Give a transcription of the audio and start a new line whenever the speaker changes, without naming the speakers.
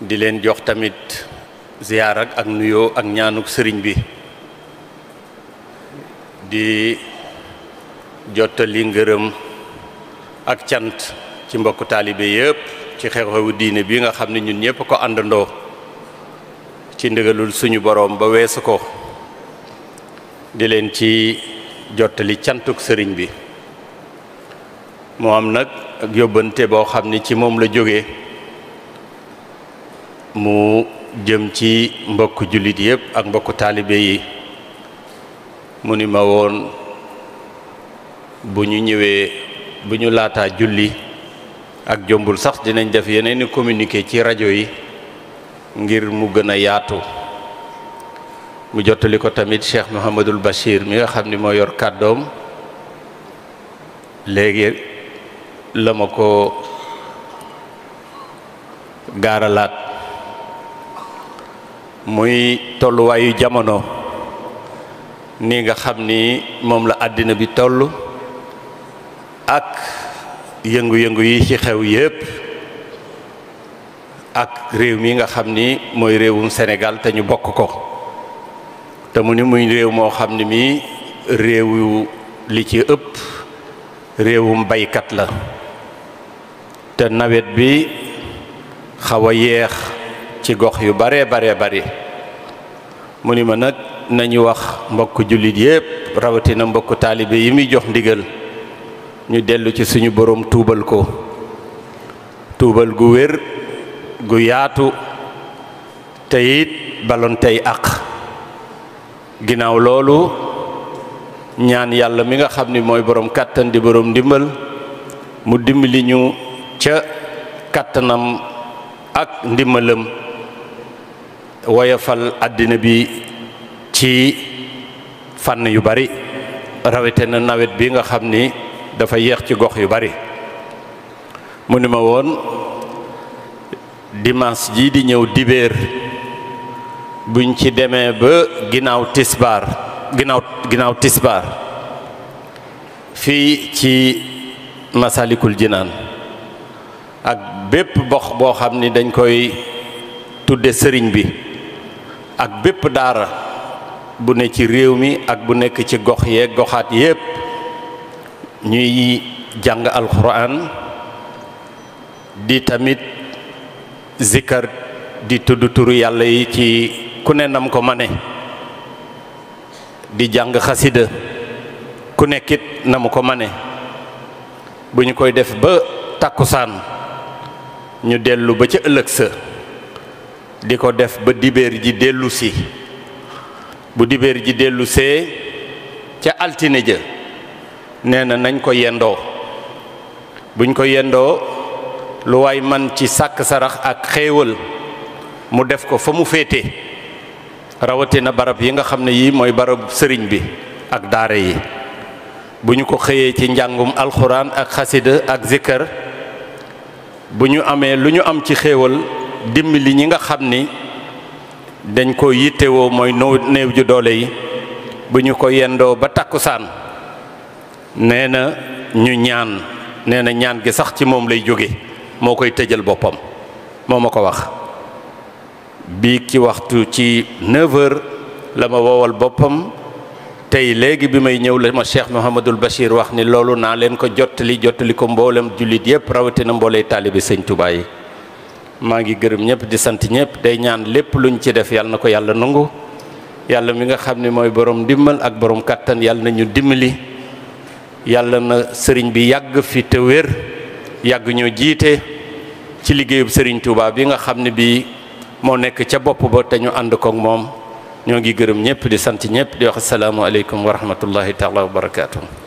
di leen jox tamit ziyaar ak nuyoo ak ñaanuk sëriñ bi di jottali ngërëm ak cant ci mbokk taalibe yépp ci xew-xewu diine bi nga xam ne ñun ñépp ko àndandoo ci ndigalul suñu boroom ba weesu ko di leen ci jottali cantuk sëriñ bi moo am nag ak yóbbante boo xam ne ci moom la jóge mu jëm ci mbokk jullit yépp ak mbokku taalibe yi mu ni ma woon bu ñu ñëwee bu ñu laataa julli ak jombul sax dinañ def yeneen i communiqué ci rajo yi ngir mu gën a yaatu mu jottali ko tamit Cheikh Mouhamadul Bachir mi nga xam ni moo yor kàddoom léegi la ma ko gaaralaat muy tolluwaayu jamono ni nga xam ni moom la àddina bi toll ak yëngu-yëngu yi ci xew yépp ak réew mi nga xam ni mooy réewum senegal te ñu bokk ko te mu ni muy réew moo xam ni mi réewu li ci ëpp réewum baykat la te nawet bi xaw a yeex ci gox yu baree baree bari mu ni ma nag nañu wax mbokk jullit yépp rawatina mbokk taalibe yi muy jox ndigal ñu dellu ci suñu boroom tuubal ko tuubal gu wér gu yaatu te it baloon tey àq ginnaaw loolu ñaan yàlla mi nga xam ni mooy boroom kàttan di boroom ndimbal mu dimbali ñu ca kàttanam ak ndimmalam woyofal àddina bi ci fànn yu bari rawete na nawet bi nga xam ni dafa yéex ci gox yu bari mu ni ma woon dimanche ji di ñëw dibéer buñ ci demee ba ginnaaw tisbaar ginnaaw ginnaaw tisbaar fii ci masalikul jinaan ak bépp box boo xam ni dañ koy tudde sëriñ bi ak bépp daara bu ne ci réew mi ak bu nekk ci gox yee goxaat yépp ñuy jàng alxuraan di tamit sikar di tudd turu yàlla yi ci ku ne nam ko mane di jàng xasida ku nekkit na mu ko mane bu ñu koy def ba tàkkusaan ñu dellu ba ca ëllëg sa di ko def ba dibéer ji dellusi bu dibéer ji dellusee ca altine ja nee na nañ ko yendoo buñ ko yendoo lu waay man ci sàkk sarax ak xéewal mu def ko fa mu féete rawatina barab yi nga xam ne yii mooy barab sëriñ bi ak daara yi bu ñu ko xëyee ci njàngum alxuraan ak xasida ak zikkër bu ñu amee lu ñu am ci xéewal dimbali ñi nga xam ni dañ ko yittewoo mooy néew ju doole yi bu ñu ko yendoo ba takkusaan nee na ñu ñaan nee na ñaan gi sax ci moom lay jóge moo koy tëjal boppam moo ma ko wax bii ci waxtu ci 9h la ma woowal boppam tey léegi bi may ñëw la ma Cheikh Mouhamadul Bachir wax ni loolu naa leen ko jottali jottali ko mboolem jullit yépp rawatina mboolee taalibi sëñ Tuubaa yi maa ngi gërëm ñëpp di sant ñëpp day ñaan lépp luñ ci def yàlla na ko yàlla nangu yàlla mi nga xam ne mooy borom dimbal ak borom kàttan yàlla na ñu dimbali yàlla na sëriñ bi yàgg fi te wér yàgg ñoo jiite ci liggéeyub sëriñ Touba yi nga xam ne bii moo nekk ca bopp ba te ñu ànd koog moom ñoo ngi gërëm ñëpp di sant ñëpp di wax asalaamualeykum wa rahmatullahi taala wa barakaatu.